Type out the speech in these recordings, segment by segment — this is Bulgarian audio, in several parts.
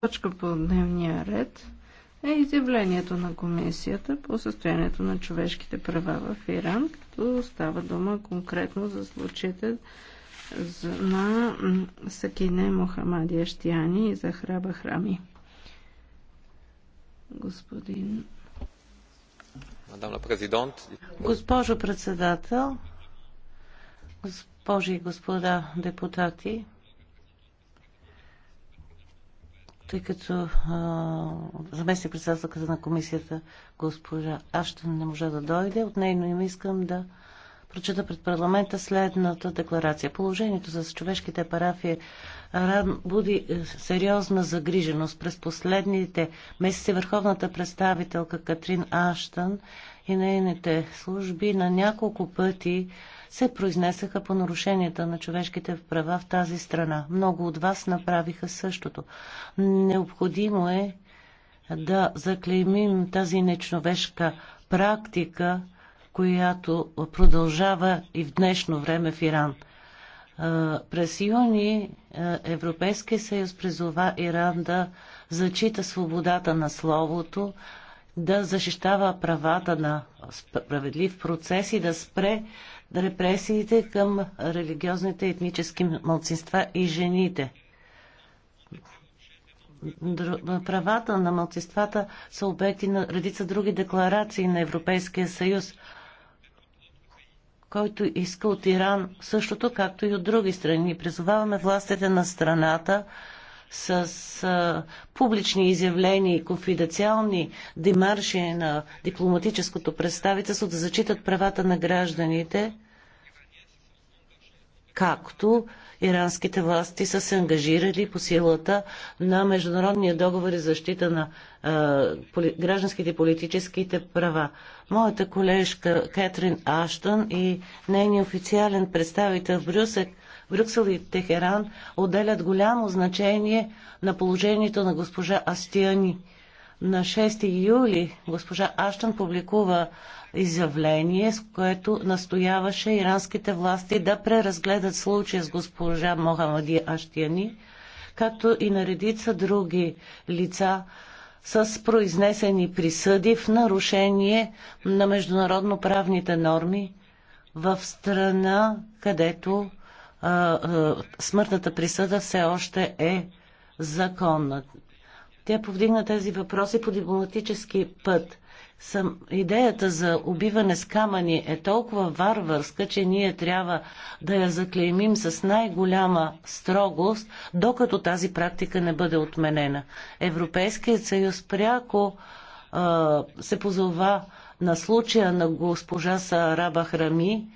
точка по дневния ред е изявлението на комисията по състоянието на човешките права в Иран, като става дума конкретно за случаите на Сакине Мохамади Аштияни и Захраба Храми. Господин... президент. Госпожо председател, госпожи и господа депутати, тъй като заместник председателката на комисията госпожа Аштън не можа да дойде. От нейно име искам да прочета пред парламента следната декларация. Положението за човешките парафи е буди е, сериозна загриженост. През последните месеци върховната представителка Катрин Аштън и нейните служби на няколко пъти се произнесаха по нарушенията на човешките права в тази страна. Много от вас направиха същото. Необходимо е да заклеймим тази нечовешка практика, която продължава и в днешно време в Иран. През юни Европейския съюз призова Иран да зачита свободата на словото, да защитава правата на справедлив процес и да спре репресиите към религиозните и етнически мълцинства и жените. Правата на мълцинствата са обекти на редица други декларации на Европейския съюз, който иска от Иран същото, както и от други страни. Призоваваме властите на страната с а, публични изявления и конфиденциални демарши на дипломатическото представителство да зачитат правата на гражданите, както иранските власти са се ангажирали по силата на Международния договор за защита на поли, гражданските и политическите права. Моята колежка Кетрин Аштън и нейният официален представител в Брюсек Брюксел и Техеран отделят голямо значение на положението на госпожа Астияни. На 6 юли госпожа Аштън публикува изявление, с което настояваше иранските власти да преразгледат случая с госпожа Мохамади Аштиани, както и на редица други лица, с произнесени присъди в нарушение на международно правните норми в страна, където смъртната присъда все още е законна. Тя повдигна тези въпроси по дипломатически път. Съм, идеята за убиване с камъни е толкова варварска, че ние трябва да я заклеймим с най-голяма строгост, докато тази практика не бъде отменена. Европейският съюз пряко а, се позова на случая на госпожа Сараба Храми,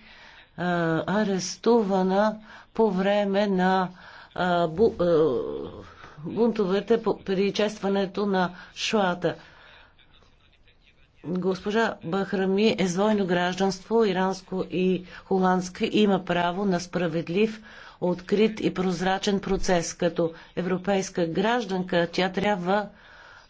е, арестувана по време на е, бу, е, бунтовете при честването на Шуата. Госпожа Бахрами е с двойно гражданство, иранско и холандско, и има право на справедлив, открит и прозрачен процес. Като европейска гражданка тя трябва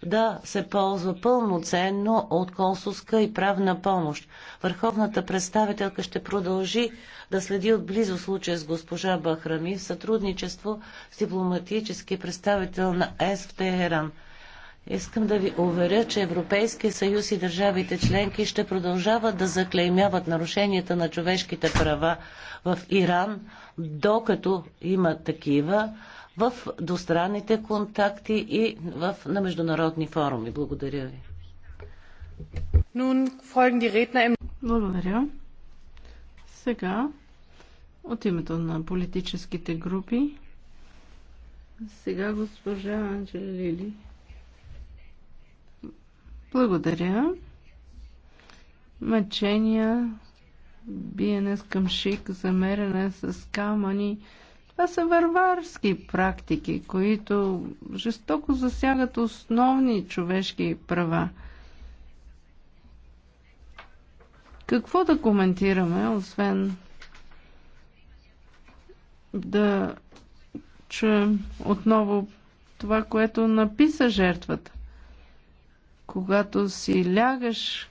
да се ползва пълноценно от консулска и правна помощ. Върховната представителка ще продължи да следи отблизо случая с госпожа Бахрами в сътрудничество с дипломатически представител на ЕС в Техеран. Искам да ви уверя, че Европейския съюз и държавите членки ще продължават да заклеймяват нарушенията на човешките права в Иран, докато има такива, в двустранните контакти и в, на международни форуми. Благодаря ви. Благодаря. Сега от името на политическите групи. Сега госпожа Анджела Лили. Благодаря. Мъчения, биене с камшик, замерене с камъни, това са варварски практики, които жестоко засягат основни човешки права. Какво да коментираме, освен да чуем отново това, което написа жертвата? Когато си лягаш,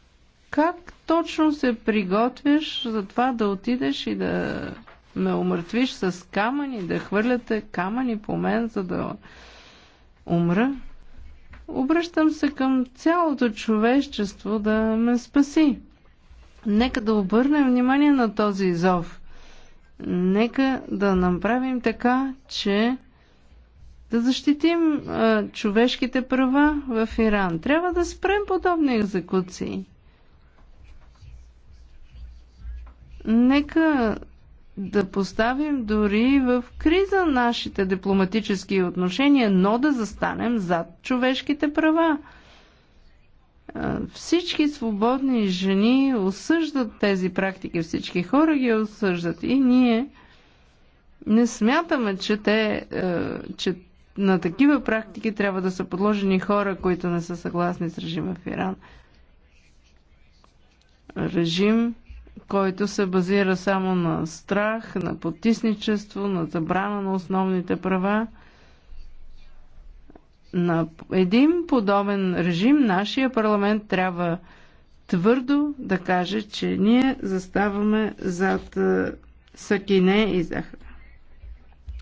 как точно се приготвяш за това да отидеш и да ме умъртвиш с камъни, да хвърляте камъни по мен, за да умра. Обръщам се към цялото човечество да ме спаси. Нека да обърнем внимание на този изов. Нека да направим така, че да защитим а, човешките права в Иран. Трябва да спрем подобни екзекуции. Нека да поставим дори в криза нашите дипломатически отношения, но да застанем зад човешките права. Всички свободни жени осъждат тези практики, всички хора ги осъждат и ние не смятаме, че, те, че на такива практики трябва да са подложени хора, които не са съгласни с режима в Иран. Режим, който се базира само на страх, на потисничество, на забрана на основните права. На един подобен режим нашия парламент трябва твърдо да каже, че ние заставаме зад Сакине и Захара.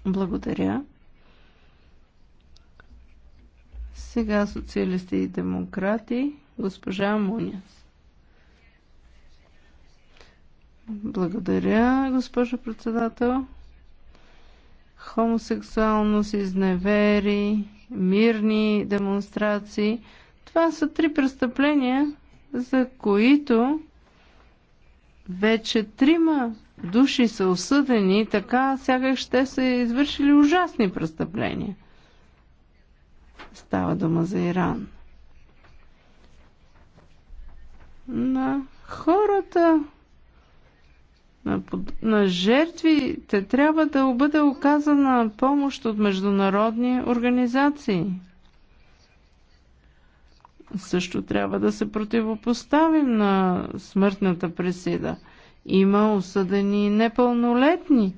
Благодаря. Сега социалисти и демократи, госпожа Муняс. Благодаря, госпожо председател. Хомосексуалност, изневери, мирни демонстрации. Това са три престъпления, за които вече трима души са осъдени, така сякаш ще са извършили ужасни престъпления. Става дума за Иран. На хората на, на жертвите трябва да бъде оказана помощ от международни организации. Също трябва да се противопоставим на смъртната присъда. Има осъдени непълнолетни.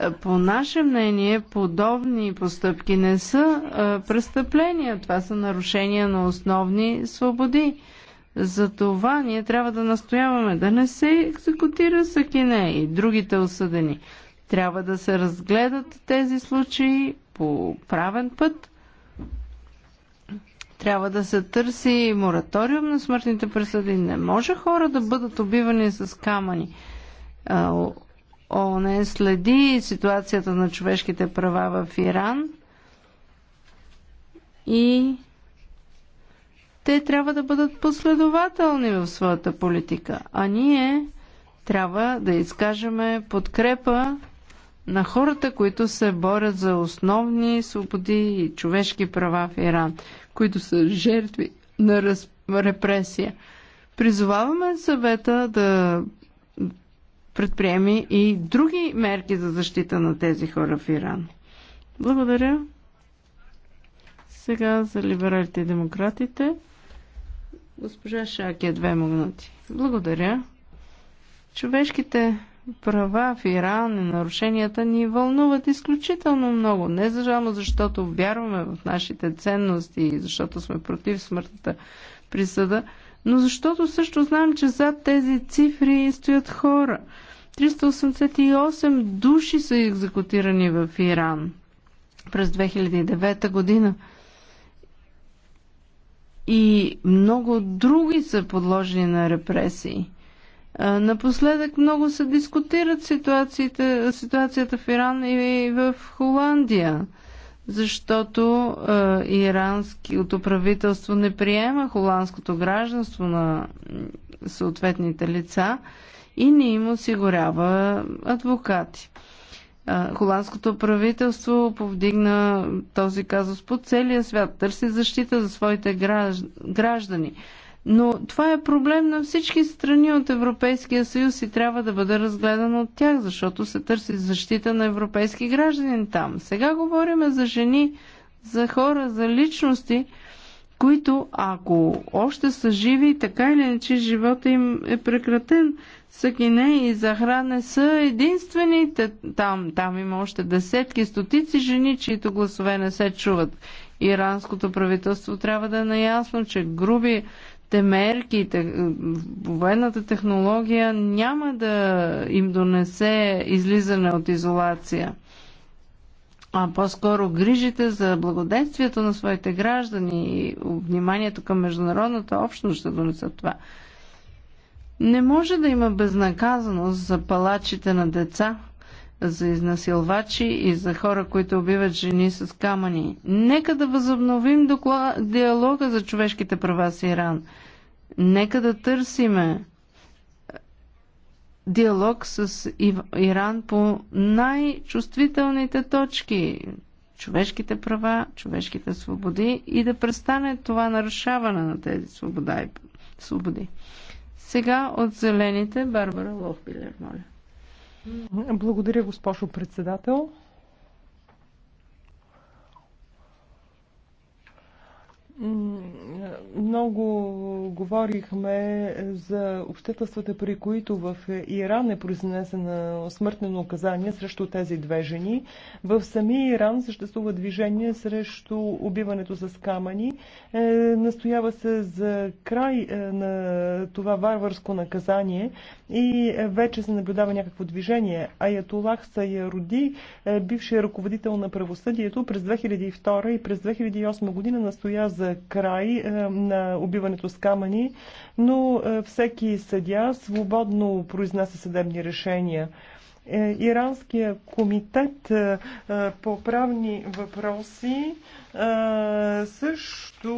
Е, по наше мнение, подобни постъпки не са а, е, престъпления. Това са нарушения на основни свободи. За това ние трябва да настояваме да не се екзекутира Сакине и другите осъдени. Трябва да се разгледат тези случаи по правен път. Трябва да се търси мораториум на смъртните присъди. Не може хора да бъдат убивани с камъни. ООН следи ситуацията на човешките права в Иран и те трябва да бъдат последователни в своята политика, а ние трябва да изкажеме подкрепа на хората, които се борят за основни свободи и човешки права в Иран, които са жертви на раз... репресия. Призоваваме съвета да предприеми и други мерки за защита на тези хора в Иран. Благодаря. Сега за либералите и демократите. Госпожа Шаки, две минути. Благодаря. Човешките права в Иран и нарушенията ни вълнуват изключително много. Не само защото вярваме в нашите ценности и защото сме против смъртната присъда, но защото също знаем, че зад тези цифри стоят хора. 388 души са екзекутирани в Иран през 2009 година и много други са подложени на репресии. Напоследък много се дискутират ситуациите, ситуацията в Иран и в Холандия, защото е, иранското правителство не приема холандското гражданство на съответните лица и не им осигурява адвокати. Холандското правителство повдигна този казус по целия свят, търси защита за своите граждани. Но това е проблем на всички страни от Европейския съюз и трябва да бъде разгледан от тях, защото се търси защита на европейски граждани там. Сега говорим за жени, за хора, за личности, които, ако още са живи, така или иначе живота им е прекратен. Сакине и Захра не са единствените там. Там има още десетки, стотици жени, чието гласове не се чуват. Иранското правителство трябва да е наясно, че груби те мерки, те, военната технология няма да им донесе излизане от изолация а по-скоро грижите за благоденствието на своите граждани и вниманието към международната общност ще донесат това. Не може да има безнаказаност за палачите на деца, за изнасилвачи и за хора, които убиват жени с камъни. Нека да възобновим диалога за човешките права с Иран. Нека да търсиме диалог с Иран по най-чувствителните точки човешките права, човешките свободи и да престане това нарушаване на тези свобода и свободи. Сега от зелените Барбара Лохбилер, моля. Благодаря, госпожо председател. Много говорихме за обществата, при които в Иран е произнесено смъртно указание срещу тези две жени. В самия Иран съществува движение срещу убиването с камъни. Е, настоява се за край е, на това варварско наказание и вече се наблюдава някакво движение. Аятолах Саяруди, е, бившия ръководител на правосъдието, през 2002 и през 2008 година настоя за за край е, на убиването с камъни, но е, всеки съдя свободно произнася съдебни решения. Е, Иранския комитет по правни въпроси също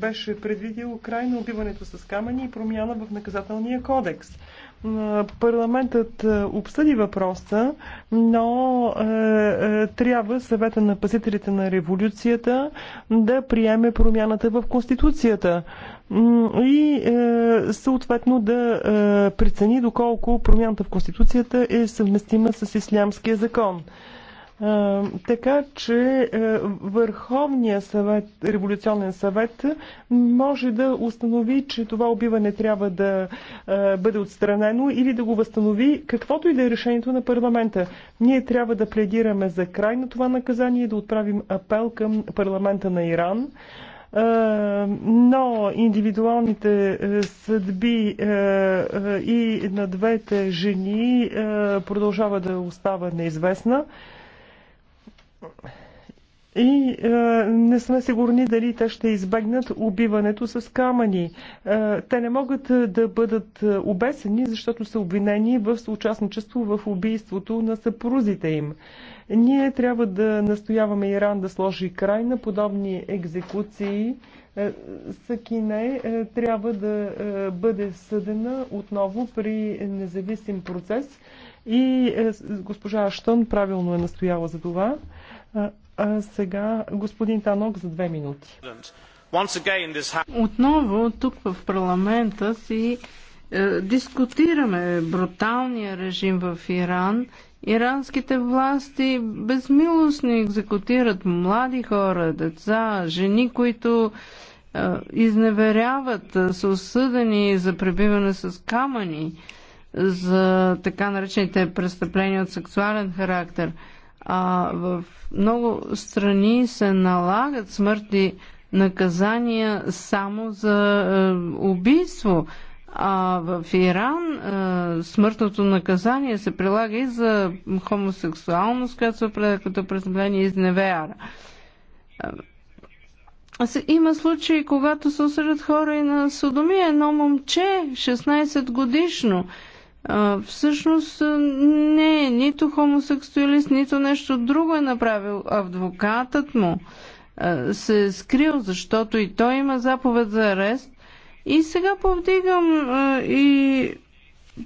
беше предвидил край на убиването с камъни и промяна в наказателния кодекс. Парламентът е, обсъди въпроса, но е, е, трябва съвета на пазителите на революцията да приеме промяната в Конституцията и съответно да прецени доколко промяната в Конституцията е съвместима с Ислямския закон така че Върховния съвет, революционен съвет може да установи, че това убиване трябва да бъде отстранено или да го възстанови, каквото и да е решението на парламента. Ние трябва да пледираме за край на това наказание да отправим апел към парламента на Иран но индивидуалните съдби и на двете жени продължава да остава неизвестна и е, не сме сигурни дали те ще избегнат убиването с камъни. Е, те не могат е, да бъдат е, обесени, защото са обвинени в съучастничество в убийството на съпрузите им. Ние трябва да настояваме Иран да сложи край на подобни екзекуции. Е, Сакине е, трябва да е, бъде съдена отново при независим процес и е, госпожа Аштън правилно е настояла за това. А сега господин Танок за две минути. Отново тук в парламента си е, дискутираме бруталния режим в Иран. Иранските власти безмилостно екзекутират млади хора, деца, жени, които е, изневеряват, е, са осъдени за пребиване с камъни, за така наречените престъпления от сексуален характер – а в много страни се налагат смъртни наказания само за е, убийство. А в Иран е, смъртното наказание се прилага и за хомосексуалност, която се определя като престъпление изневяра. Е, има случаи, когато се осъдят хора и на Содомия. Едно момче, 16 годишно, всъщност не е нито хомосексуалист, нито нещо друго е направил. Адвокатът му се е скрил, защото и той има заповед за арест. И сега повдигам и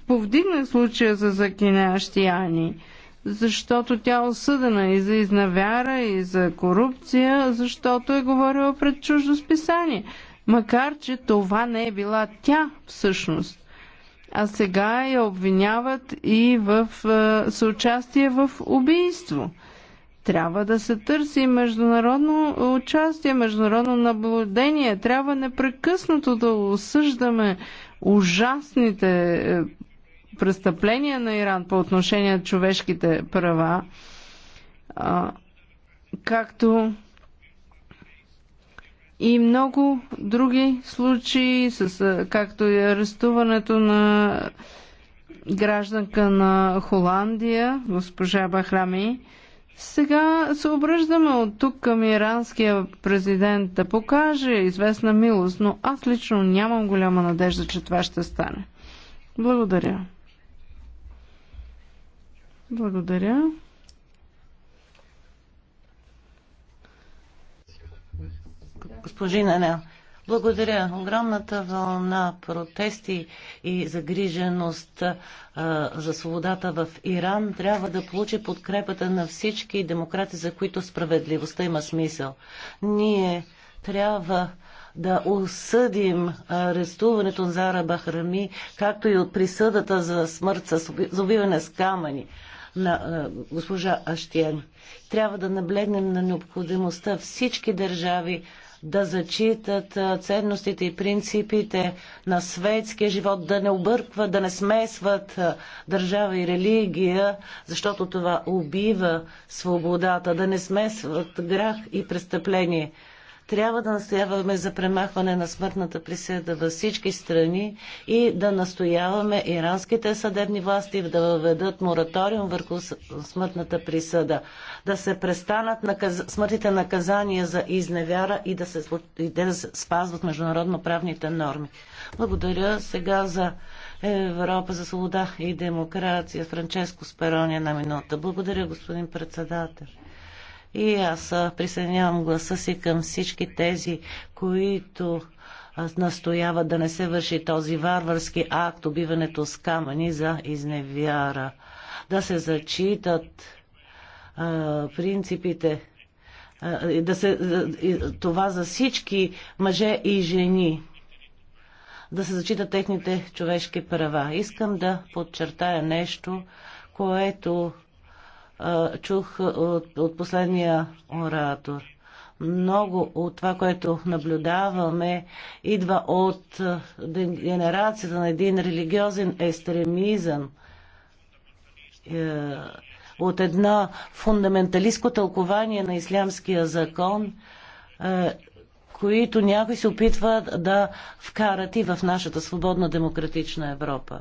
повдигна случая за закинящи Ани, защото тя е осъдена и за изнавяра, и за корупция, защото е говорила пред чуждо списание. Макар, че това не е била тя всъщност а сега я обвиняват и в е, съучастие в убийство. Трябва да се търси международно участие, международно наблюдение. Трябва непрекъснато да осъждаме ужасните е, престъпления на Иран по отношение на човешките права, както и много други случаи, с, както и арестуването на гражданка на Холандия, госпожа Бахрами. Сега се обръждаме от тук към иранския президент да покаже известна милост, но аз лично нямам голяма надежда, че това ще стане. Благодаря. Благодаря. Госпожи Ненел, благодаря. Огромната вълна протести и загриженост а, за свободата в Иран трябва да получи подкрепата на всички демократи, за които справедливостта има смисъл. Ние трябва да осъдим арестуването на Зара Бахрами, както и от присъдата за смърт за убиване с камъни на госпожа Аштиен. Трябва да наблегнем на необходимостта всички държави да зачитат ценностите и принципите на светския живот, да не объркват, да не смесват държава и религия, защото това убива свободата, да не смесват грях и престъпление. Трябва да настояваме за премахване на смъртната присъда във всички страни и да настояваме иранските съдебни власти да въведат мораториум върху смъртната присъда, да се престанат наказ... смъртните наказания за изневяра и да се, и да спазват международно-правните норми. Благодаря сега за Европа за свобода и демокрация. Франческо Сперони на минута. Благодаря, господин председател. И аз присъединявам гласа си към всички тези, които настояват да не се върши този варварски акт, убиването с камъни за изневяра. Да се зачитат а, принципите а, да се, а, това за всички мъже и жени да се зачитат техните човешки права. Искам да подчертая нещо, което чух от, от последния оратор. Много от това, което наблюдаваме, идва от генерацията на един религиозен екстремизъм е, от една фундаменталистко тълкование на ислямския закон, е, които някой се опитва да вкарат и в нашата свободна демократична Европа.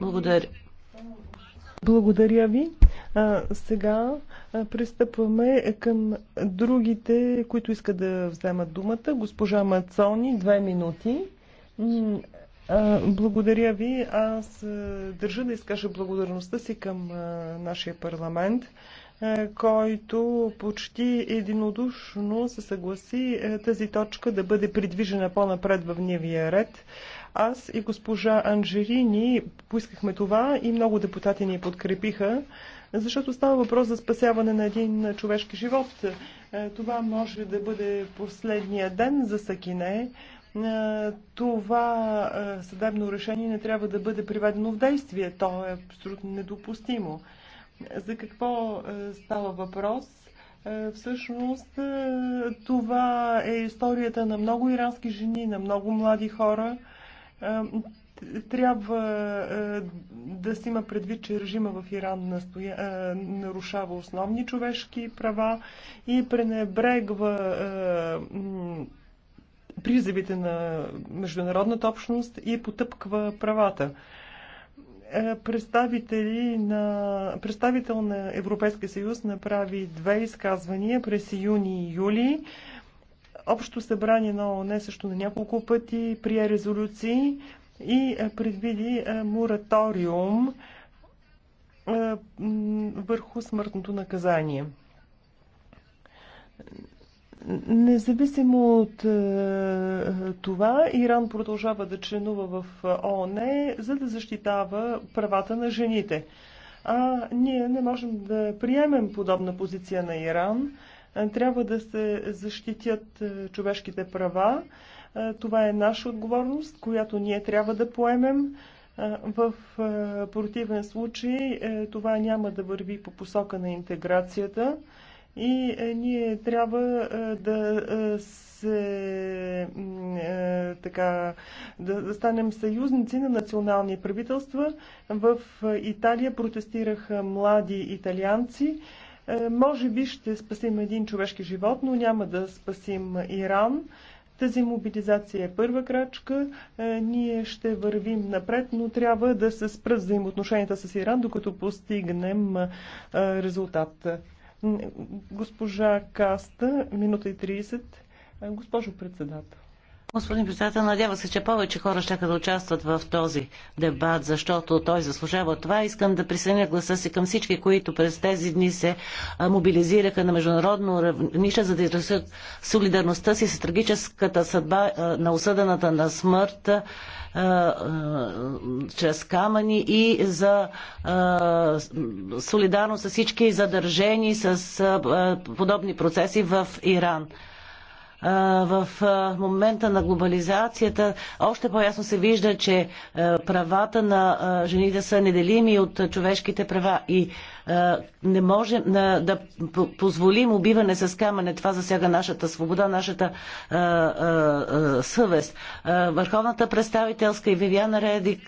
Благодаря. Благодаря ви. А, сега а, пристъпваме към другите, които искат да вземат думата. Госпожа Мацони, две минути. Благодаря ви. Аз държа да изкажа благодарността си към нашия парламент, който почти единодушно се съгласи тази точка да бъде придвижена по-напред в дневния ред. Аз и госпожа Анжелини поискахме това и много депутати ни подкрепиха, защото става въпрос за спасяване на един човешки живот. Е, това може да бъде последния ден за Сакине. Е, това е, съдебно решение не трябва да бъде приведено в действие. То е абсолютно недопустимо. За какво става въпрос? Всъщност това е историята на много ирански жени, на много млади хора. Е, трябва е, да се има предвид, че режима в Иран настоя... Е, нарушава основни човешки права и пренебрегва призивите на международната общност и потъпква правата. Представители на, представител на Европейския съюз направи две изказвания през юни и юли. Общо събрание на ООН е също на няколко пъти прие резолюции и е, предвиди е, мораториум върху смъртното наказание. Независимо от това, Иран продължава да членува в ООН, за да защитава правата на жените. А ние не можем да приемем подобна позиция на Иран. Трябва да се защитят е, човешките права. Е, това е наша отговорност, която ние трябва да поемем. Е, в противен случай това няма да върви по посока на интеграцията и ние трябва да се така да, да станем съюзници на национални правителства. В Италия протестираха млади италианци. Е, може би ще спасим един човешки живот, но няма да спасим Иран. Тази мобилизация е първа крачка. Е, ние ще вървим напред, но трябва да се спрат взаимоотношенията с Иран, докато постигнем е, резултат. Госпожа Каста, минута и 30. Госпожо председател. Господин председател, надява се, че повече хора ще да участват в този дебат, защото той заслужава това. Искам да присъединя гласа си към всички, които през тези дни се мобилизираха на международно равнище, за да изразят солидарността си с трагическата съдба на осъдената на смърт чрез камъни и за солидарност с всички задържени с подобни процеси в Иран в момента на глобализацията още по-ясно се вижда, че правата на жените са неделими от човешките права и не можем да позволим убиване с камъне. Това засяга нашата свобода, нашата съвест. Върховната представителска и Вивиана Редик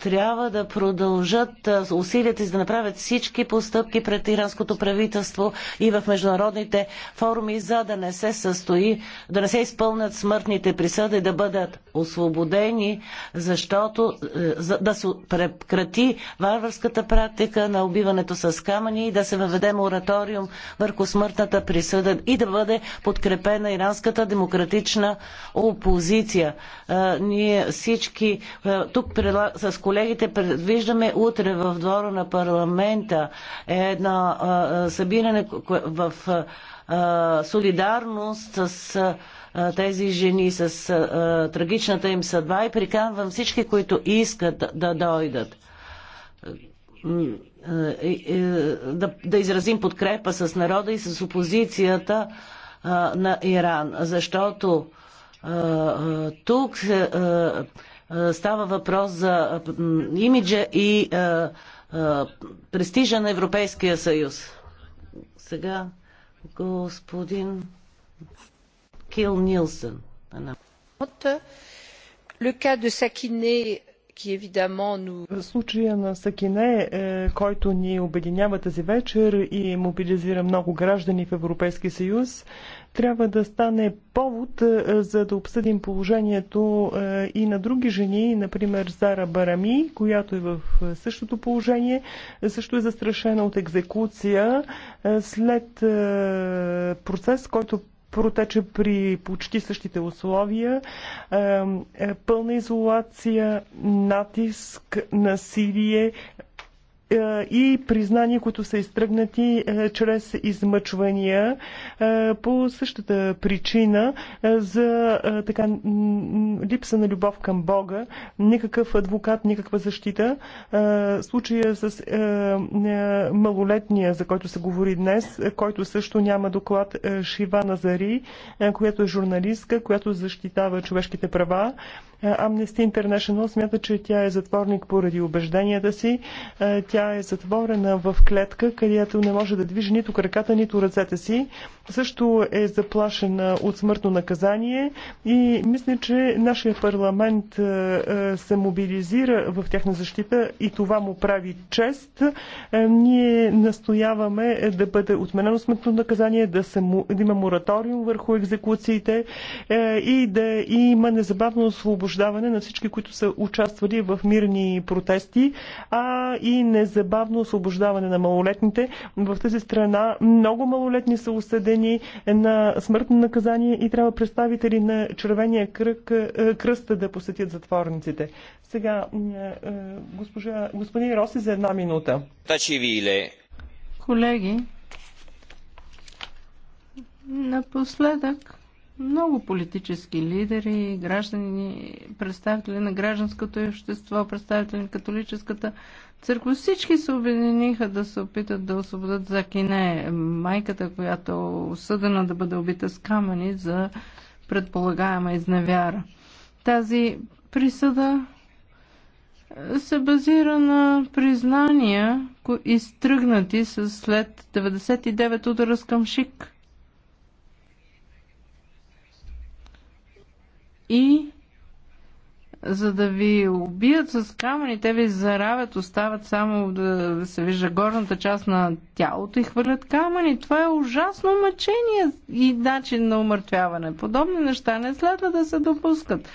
трябва да продължат усилията си да направят всички постъпки пред иранското правителство и в международните форуми, за да не се състои, да не се изпълнят смъртните присъди, да бъдат освободени, защото е, за, да се прекрати варварската практика на убиването с камъни и да се въведе мораториум върху смъртната присъда и да бъде подкрепена иранската демократична опозиция. Е, ние всички е, тук с колегите предвиждаме утре в двора на парламента едно събиране в солидарност с тези жени, с трагичната им съдба и приканвам всички, които искат да дойдат. Да, да изразим подкрепа с народа и с опозицията на Иран, защото тук е, става въпрос за имиджа и е, е, престижа на Европейския съюз. Сега господин Кил Нилсън. Le cas de Sakiné Случая на Сакине, е, който ни обединява тази вечер и мобилизира много граждани в Европейски съюз, трябва да стане повод е, за да обсъдим положението е, и на други жени, например Зара Барами, която е в същото положение, също е застрашена от екзекуция след процес, който протече при почти същите условия. Е, е, пълна изолация, натиск, насилие, е, и признания, които са изтръгнати е, чрез измъчвания е, по същата причина за така липса на любов към Бога, никакъв адвокат, никаква защита. Случая с малолетния, за който се говори днес, който също няма доклад, Шива Назари, която е журналистка, която защитава човешките права. Е, Amnesty International смята, че тя е затворник поради убежденията си. Е, тя е затворена в клетка, където не може да движи нито краката, нито ръцете си. Също е заплашена от смъртно наказание и мисля, че нашия парламент е, се мобилизира в тяхна защита и това му прави чест. Ние настояваме да бъде отменено смъртно наказание, да, се, да има мораториум върху екзекуциите и да има незабавно освобождение освобождаване на всички, които са участвали в мирни протести, а и незабавно освобождаване на малолетните. В тази страна много малолетни са осъдени на смъртно наказание и трябва представители на Червения кръг, е, кръста да посетят затворниците. Сега, е, е, госпожа, господин Роси за една минута. Колеги, напоследък много политически лидери, граждани, представители на гражданското общество, представители на католическата църква. Всички се обединиха да се опитат да освободят Закине, майката, която е осъдена да бъде убита с камъни за предполагаема изневяра. Тази присъда е, се базира на признания, изтръгнати след 99 удара с камшик. и за да ви убият с камъни, те ви заравят, остават само да се вижда горната част на тялото и хвърлят камъни. Това е ужасно мъчение и начин на умъртвяване. Подобни неща не следва да се допускат.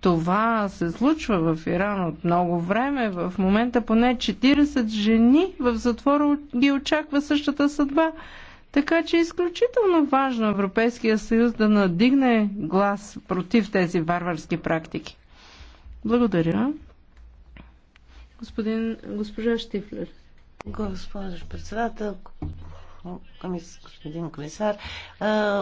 Това се случва в Иран от много време. В момента поне 40 жени в затвора ги очаква същата съдба. Така че е изключително важно Европейския съюз да надигне глас против тези варварски практики. Благодаря. Господин, госпожа Штифлер. Госпожо председател, господин комисар,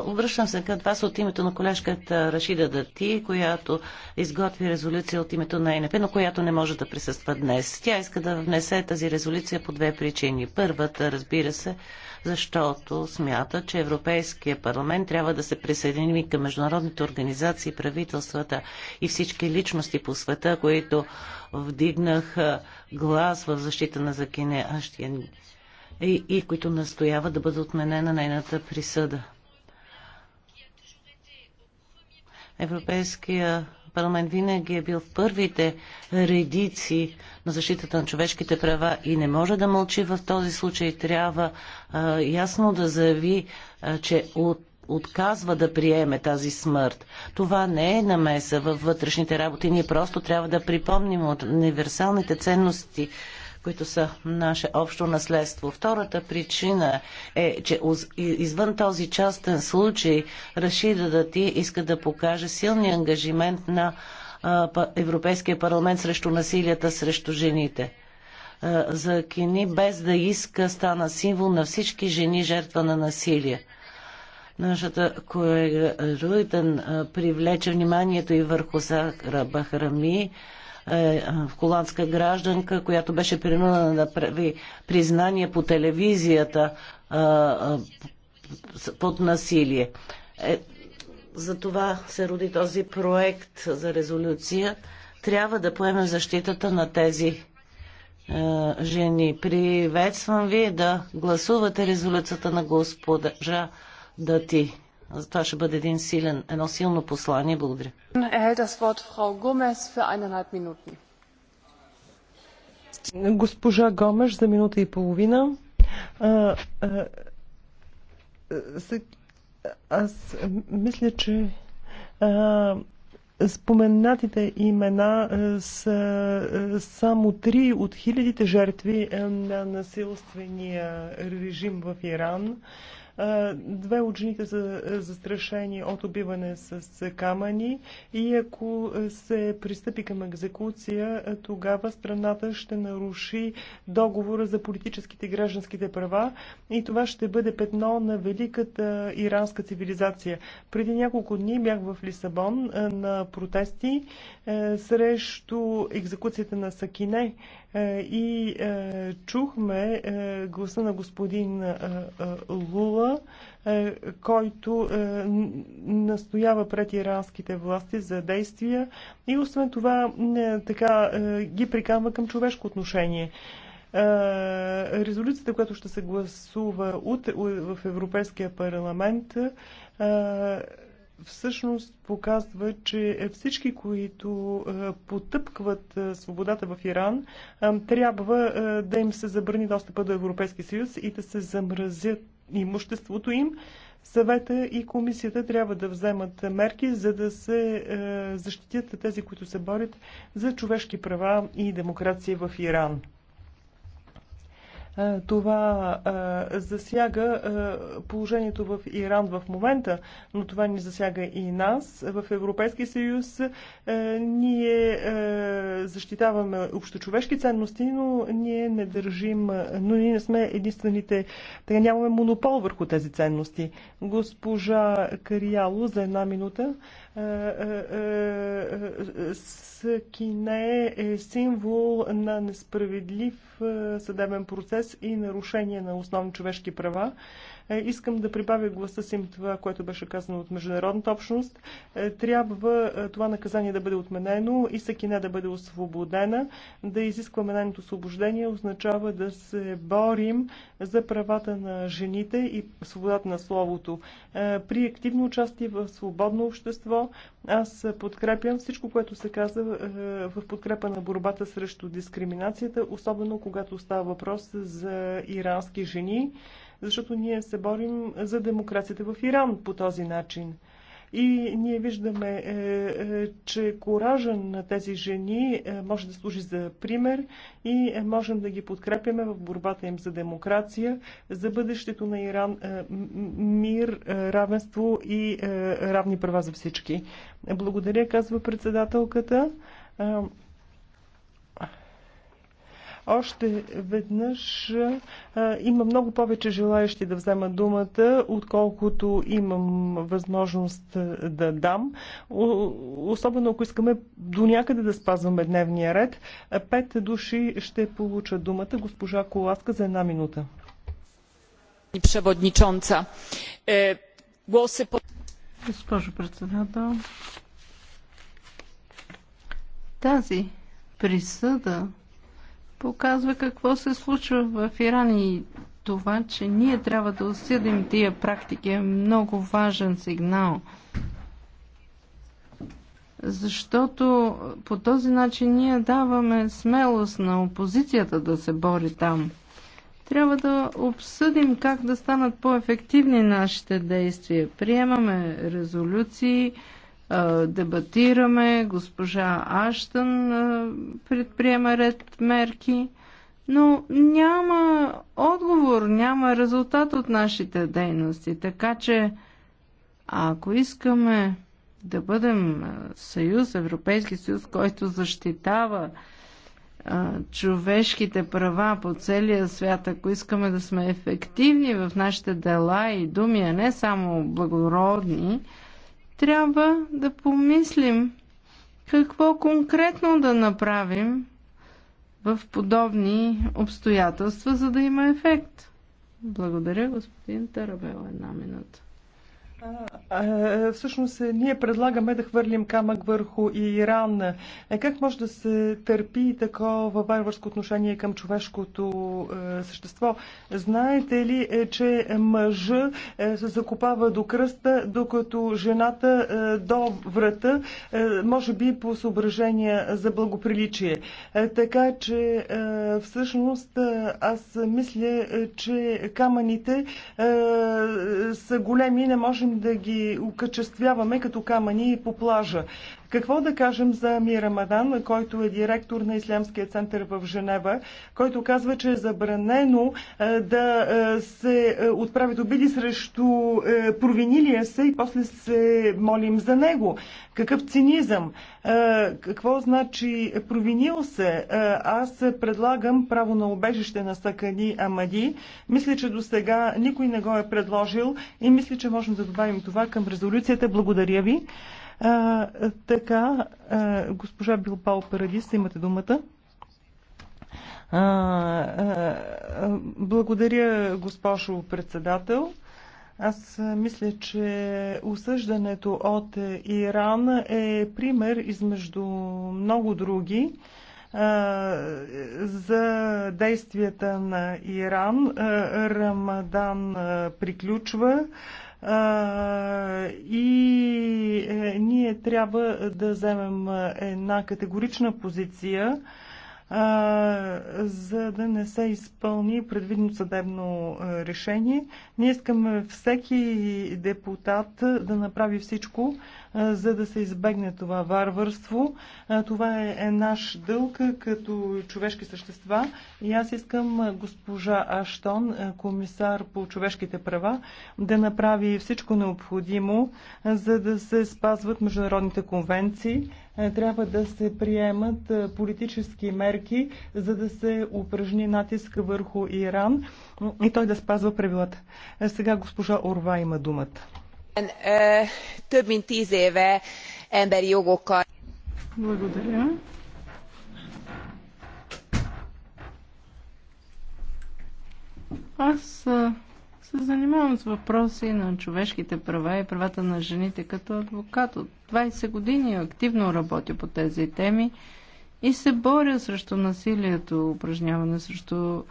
обръщам се към вас от името на колежката Рашида Дати, която изготви резолюция от името на ЕНП, но която не може да присъства днес. Тя иска да внесе тази резолюция по две причини. Първата, разбира се, защото смята, че Европейския парламент трябва да се присъедини към международните организации, правителствата и всички личности по света, които вдигнаха глас в защита на Закине Аштиен и, и които настояват да бъде отменена нейната присъда. Европейския парламент винаги е бил в първите редици на защитата на човешките права и не може да мълчи в този случай. Трябва а, ясно да заяви, а, че от отказва да приеме тази смърт. Това не е намеса във вътрешните работи. Ние просто трябва да припомним от универсалните ценности, които са наше общо наследство. Втората причина е, че извън този частен случай Рашида Дати иска да покаже силния ангажимент на Европейския парламент срещу насилията срещу жените. За Кини без да иска стана символ на всички жени жертва на насилие. Нашата колега Руйтен привлече вниманието и върху Сахара Бахрами, е, е, холандска гражданка, която беше принудена да прави признание по телевизията е, под насилие. за това се роди този проект за резолюция. Трябва да поемем защитата на тези жени. Приветствам ви да гласувате резолюцията на госпожа Дати. Това ще бъде един силен, едно силно послание. Благодаря. Госпожа Гомеш за минута и половина. А, а, аз мисля, че а, Споменатите имена са само три от хилядите жертви на насилствения режим в Иран. Две от жените са застрашени от убиване с камъни и ако се пристъпи към екзекуция, тогава страната ще наруши договора за политическите и гражданските права и това ще бъде петно на великата иранска цивилизация. Преди няколко дни бях в Лисабон на протести срещу екзекуцията на Сакине, е, и е, чухме е, гласа на господин Лула, който настоява пред иранските власти за действия и освен това така ги приканва към човешко отношение резолюцията, която ще се гласува утре в Европейския парламент, всъщност показва, че е всички, които е, потъпкват е, свободата в Иран, трябва да им се забрани достъпа до Европейския съюз и да се замразят имуществото им. Съвета и комисията трябва да вземат мерки, за да се защитят тези, които се борят за човешки права и демокрация в Иран. Е, това е, засяга е, положението в Иран в момента, но това ни засяга и нас. В Европейския съюз ние защитаваме общочовешки ценности, но ние не държим, но ние не сме единствените, така нямаме монопол върху тези ценности. Госпожа Карияло за една минута. Скине е символ на несправедлив съдебен процес процес и нарушение на основни човешки права, е, искам да прибавя гласа си това, което беше казано от международната общност. Е, трябва е, това наказание да бъде отменено и Сакина да бъде освободена. Да изискваме нейното освобождение означава да се борим за правата на жените и свободата на словото. При активно участие в свободно общество аз подкрепям всичко, което се казва, в подкрепа на борбата срещу дискриминацията, особено когато става въпрос за ирански жени защото ние се борим за демокрацията в Иран по този начин. И ние виждаме, е, е, че коража на тези жени е, може да служи за пример и можем да ги подкрепяме в борбата им за демокрация, за бъдещето на Иран, мир, равенство и равни права за всички. Благодаря, казва председателката. Още веднъж има много повече желаящи да взема думата, отколкото имам възможност да дам. Особено ако искаме до някъде да спазваме дневния ред. Пет души ще получат думата. Госпожа Коласка за една минута. Е, Госпожо председател, тази присъда показва какво се случва в Иран и това, че ние трябва да осъдим тия практики е много важен сигнал. Защото по този начин ние даваме смелост на опозицията да се бори там. Трябва да обсъдим как да станат по-ефективни нашите действия. Приемаме резолюции, дебатираме, госпожа Аштън предприема ред мерки, но няма отговор, няма резултат от нашите дейности. Така че, ако искаме да бъдем съюз, Европейски съюз, който защитава човешките права по целия свят, ако искаме да сме ефективни в нашите дела и думи, а не само благородни, трябва да помислим какво конкретно да направим в подобни обстоятелства, за да има ефект. Благодаря, господин Тарабел. Една минута. Всъщност е, ние предлагаме да хвърлим камък върху Иран. Е, как може да се търпи такова варварско отношение към човешкото е, същество? Знаете ли, че мъжа се закопава до кръста, докато жената до врата, може би по съображения за благоприличие. Така че всъщност аз мисля, че камъните са големи, не можем да ги окачествяваме като камъни по плажа. Какво да кажем за Ами Рамадан, който е директор на Ислямския център в Женева, който казва, че е забранено е, да е, се е, отправят обиди срещу провинилия се и после се молим за него. Какъв цинизъм? Какво значи провинил се? Аз предлагам право на обежище на Сакани Амади. Мисля, че до сега никой не го е предложил и мисля, че можем да добавим това към резолюцията. Благодаря ви. А, така, а, госпожа Билбао Парадис, имате думата. А, а, благодаря, госпожо председател. Аз мисля, че осъждането от Иран е пример измежду много други за действията на Иран. Рамадан приключва и е, ние трябва да вземем една категорична позиция, за да не се изпълни предвидно съдебно решение. Ние искаме всеки депутат да направи всичко, за да се избегне това варварство. Това е, е наш дълг като човешки същества и аз искам госпожа Аштон, комисар по човешките права, да направи всичко необходимо, за да се спазват международните конвенции, трябва да се приемат политически мерки, за да се упражни натиск върху Иран и той да спазва правилата. Сега госпожа Орва има думата több mint tz éve emberi jogokkal. Благодаря. Аз се занимавам с въпроси на човешките права и правата на жените като адвокат. От 20 години активно работя по тези теми и се боря срещу насилието, упражняване срещу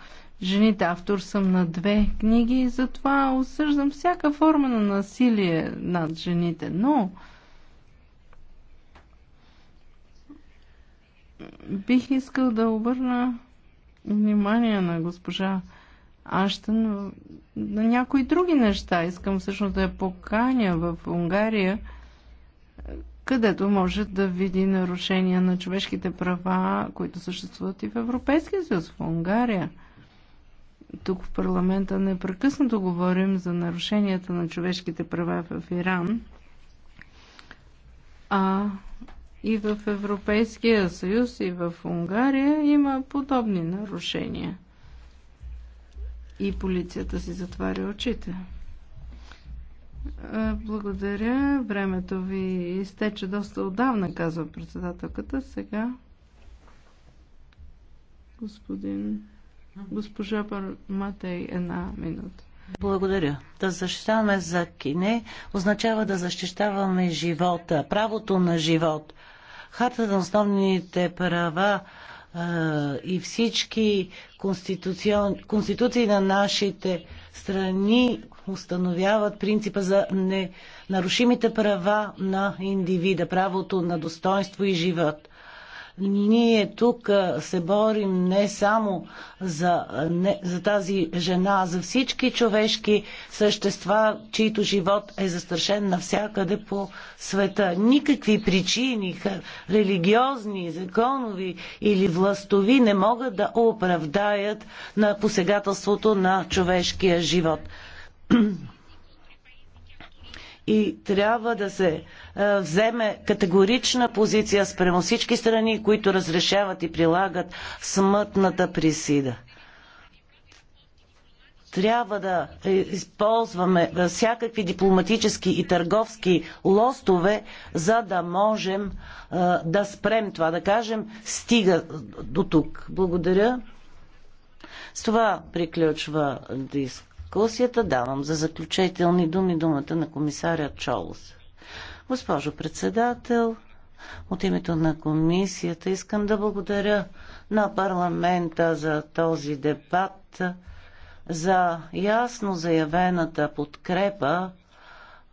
жените автор съм на две книги и затова осъждам всяка форма на насилие над жените. Но бих искал да обърна внимание на госпожа Аштън на някои други неща. Искам всъщност да я поканя в Унгария, където може да види нарушения на човешките права, които съществуват и в Европейския съюз, в Унгария – тук в парламента непрекъснато говорим за нарушенията на човешките права в Иран, а и в Европейския съюз, и в Унгария има подобни нарушения. И полицията си затваря очите. Благодаря. Времето ви изтече доста отдавна, казва председателката. Сега господин Госпожа Матей, една минута. Благодаря. Да защитаваме за кине означава да защищаваме живота, правото на живот. Хартата на основните права е, и всички конституцион... конституции на нашите страни установяват принципа за не... нарушимите права на индивида, правото на достоинство и живот. Ние тук се борим не само за, не, за тази жена, за всички човешки същества, чието живот е застрашен навсякъде по света. Никакви причини, религиозни, законови или властови, не могат да оправдаят на посегателството на човешкия живот. и трябва да се е, вземе категорична позиция спрямо всички страни, които разрешават и прилагат смътната присида. Трябва да използваме всякакви дипломатически и търговски лостове, за да можем е, да спрем това, да кажем стига до тук. Благодаря. С това приключва диск дискусията. Давам за заключителни думи думата на комисаря Чолос. Госпожо председател, от името на комисията искам да благодаря на парламента за този дебат, за ясно заявената подкрепа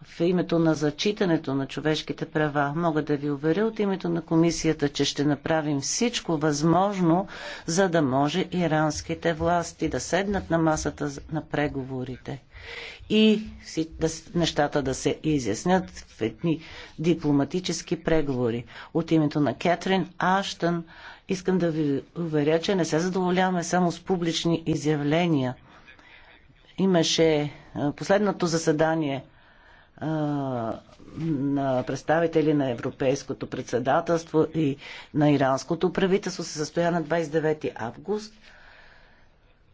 в името на зачитането на човешките права. Мога да ви уверя от името на комисията, че ще направим всичко възможно, за да може иранските власти да седнат на масата на преговорите и нещата да се изяснят в едни дипломатически преговори. От името на Кетрин Аштън искам да ви уверя, че не се задоволяваме само с публични изявления. Имаше последното заседание на представители на Европейското председателство и на Иранското правителство се състоя на 29 август.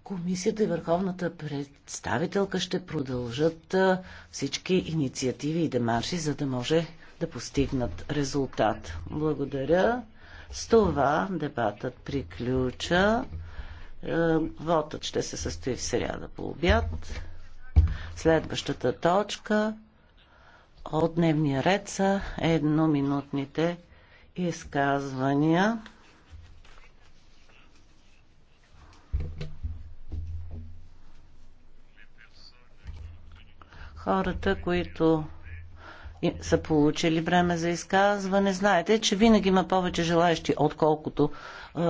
Комисията и Върховната представителка ще продължат всички инициативи и демарши, за да може да постигнат резултат. Благодаря. С това дебатът приключа. Вотът ще се състои в сряда по обяд. Следващата точка от дневния ред са едноминутните изказвания. Хората, които са получили време за изказване, знаете, че винаги има повече желаящи, отколкото е,